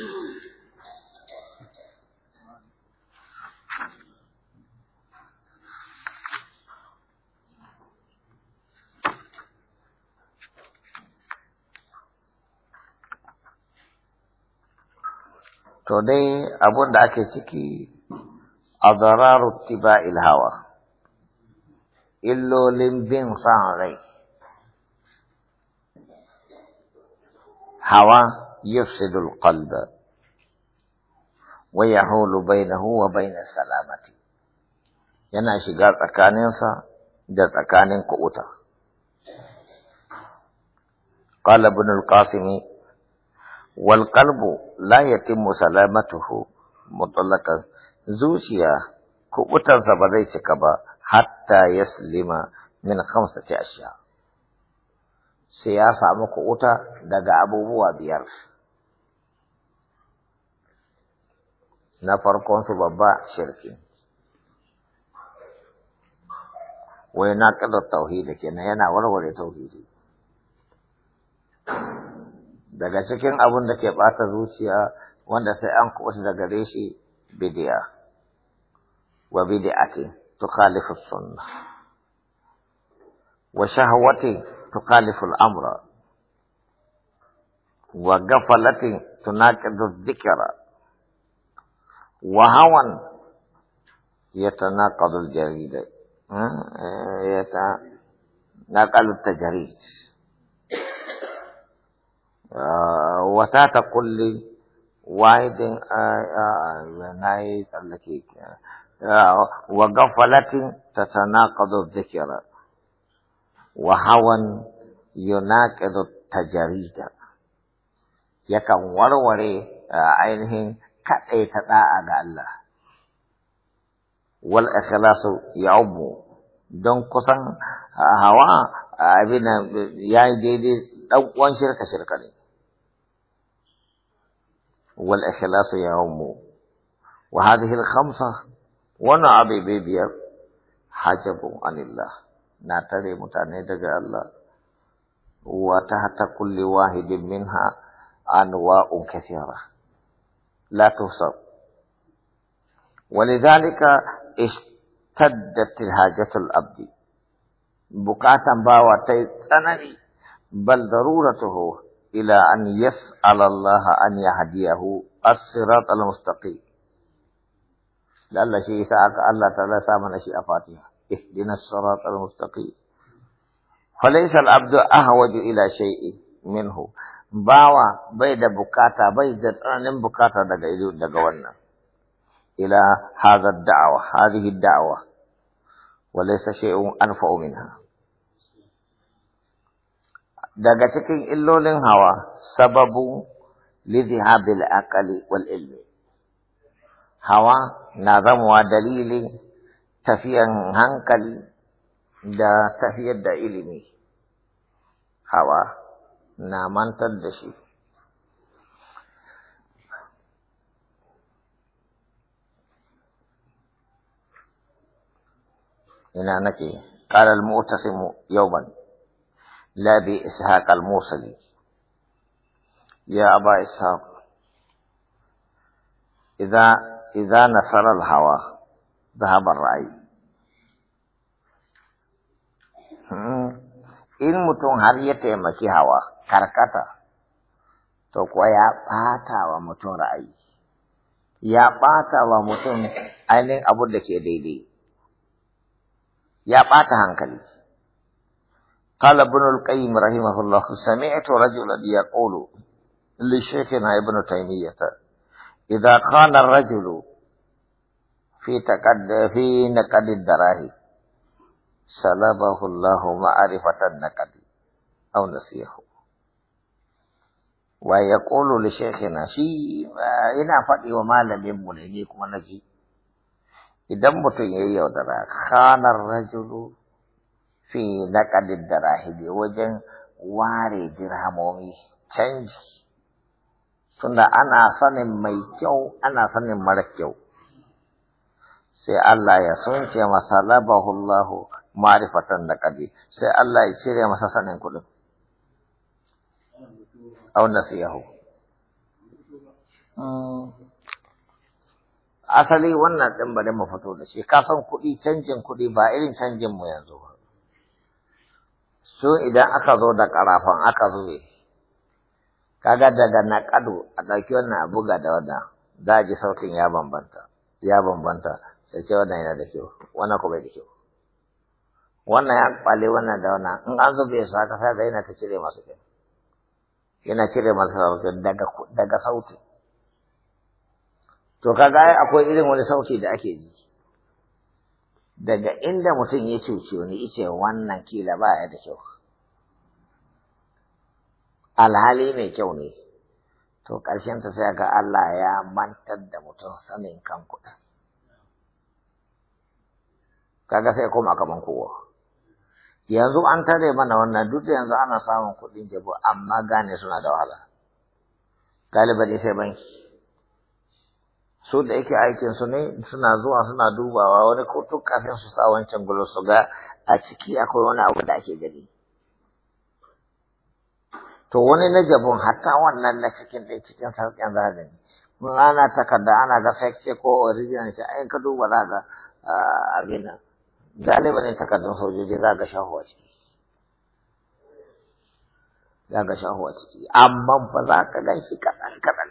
To dai abun da ake ciki a zararu tiba ilhawa, illolin bin san rai, hawa يفسد القلب ويحول بينه وبين سلامتي ينا شغال تكانين سا تكانين قوتا قال ابن القاسم والقلب لا يتم سلامته مطلقا زوشيا قوتا زبدي شكبا حتى يسلم من خمسة أشياء سياسة مقوتا دقا بيارش na farkon su babba shirki wai na kadar tauhidi kenan yana warware tauhidi daga cikin abin da ke bata zuciya wanda sai an kuɓuta daga gare shi bidiya wa bidiyati tukhalifu sunna wa shahwati tukhalifu al-amra wa ghaflatin tunaqidu dhikra وهوى يتناقض الجريدة يتناقض التجريد آه، وتات كل واحد آه، آه، نايت لكيك وغفلة تتناقض الذكر وهوى يناقض التجريد يكن وروري عينهم كأي داعا الله والإخلاص يعب دون قصن هوا أبنا يعني دي دي أو وان شركة شركة لي والإخلاص يعب وهذه الخمسة وانا أبي بيبيا حجب عن الله ناتري متعنيدك الله وتحت كل واحد منها أنواع كثيرة لا توصف ولذلك اشتدت الحاجة الأبد بقاة باوة تنني بل ضرورته إلى أن يسأل الله أن يهديه الصراط المستقيم لألا شيء ساك الله تعالى سامن شيء فاتحة اهدنا الصراط المستقيم فليس العبد أهوج إلى شيء منه bawa bai da bukata bai da tsananin bukata daga ido daga wannan ila hadha da'wa hadhihi da'wa wa laysa shay'un anfa'u minha daga cikin illolin hawa sababu lidhihabil aqli wal ilmi hawa na wa dalilin tafiyan hankali da tafiyar da ilimi hawa na mantar da shi ina قال المعتصم يوما لا بإسحاق الموصلي يا أبا إسحاق إذا إذا نصر الهوى ذهب الرأي ان متون har ya taimaki hawa karkata to kuwa ya bata wa mutum ra'ayi ya bata wa mutum ainihin abu da ke daidai ya bata hankali قال ابن القيم رحمه الله سمعت رجلا يقول لشيخنا ابن تيمية إذا قال الرجل في تقد في نقد الدراهم سلبه الله معرفة النقد أو نسيه wa ya ƙolo da shekina shi yana faɗi wa malaminmu ne ni kuma naji idan mutum ya yi yaudara khanar rajulu fi naƙadin darahili wajen ware dirhamomi canji tunda ana sanin mai kyau ana sanin mara kyau sai Allah ya sunce masa labahullahu ma'rifatan naqadi sai Allah ya cire masa sanin kuɗin aw نسيه asali wannan ɗin bari mu fito da shi ka san kuɗi canjin kuɗi ba irin canjin mu yanzu ba so idan aka zo da ƙarafan aka zube kaga daga naƙadu a ɗauki wannan a buga da wada za a ji sautin ya bambanta ya bambanta da ke wannan yana da kyau wannan ko bai da kyau wannan ya kwale wannan da wannan in an zube su aka sa da yana ta cire masu kyau yana cire masa daga daga sauti to kaga akwai irin wani sauti da ake ji daga inda mutum ya cuce wani ice wannan kila ya da kyau alhali mai kyau ne to ƙarshen ta sai ga Allah ya mantar da mutum sanin kan kuɗin kaga sai koma kaman kowa yanzu an tare mana wannan duk da yanzu ana samun kuɗin jabo amma gane suna da wahala ne sai banki su da yake aikin su ne suna zuwa suna dubawa wani ko kafin su sa wancan gulo su ga a ciki akwai wani abu da ake gani to wani na jabon hatta wannan na cikin ɗaya cikin sarƙin zagani mun ana takarda ana ga fake ko original shi ai ka duba za ga abin nan galiba ne takardun sojoji za ga shahu a ciki za ga shahu a ciki amma ba za ka gan shi kaɗan kaɗan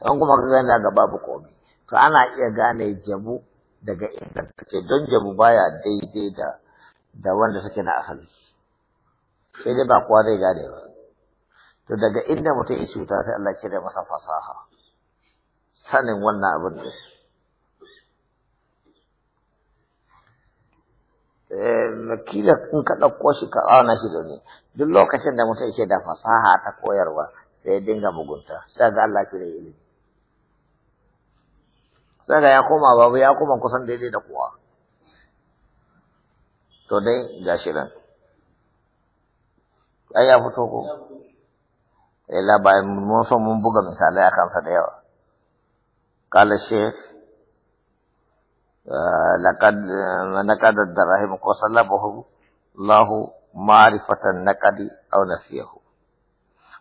don kuma ka gani daga babu komai to ana iya gane jabu daga inda take don jabu baya daidai da da wanda suke na asali sai dai ba kowa zai gane ba to daga inda mutum ya cuta sai Allah ya cire masa fasaha sanin wannan abin da kila in ka ɗauko shi ka auna shi da ne duk lokacin da mutum yake da fasaha ta koyarwa sai ya dinga mugunta sai ga Allah shi da ilimi sai ga ya koma babu ya koma kusan daidai da kowa to dai ga shi nan ai ya fito ko ila bayan mun so mun buga misalai akan sa da yawa qala shaykh آه، لقد آه، نقد الدراهم وسلبه الله معرفة النقد أو نسيه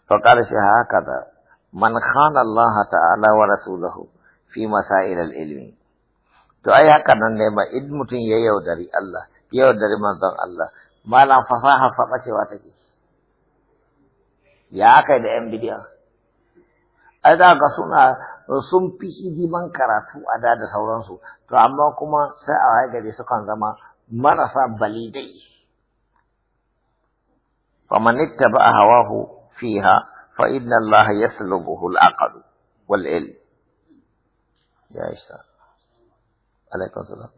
فقال شيخ هكذا من خان الله تعالى ورسوله في مسائل العلم تو أي هكذا نعم إدمة يودري الله يودري من ذن الله ما لا فصاحة فقش واتك يا كيد أم بديا أذا قصونا sun fi hidiman karatu a da da sauransu to amma kuma sai a waye gari sukan zama marasa balidai ba a hawahu fiha fa inna allaha yaslubuhu al-aql wal ya isa alaikum salam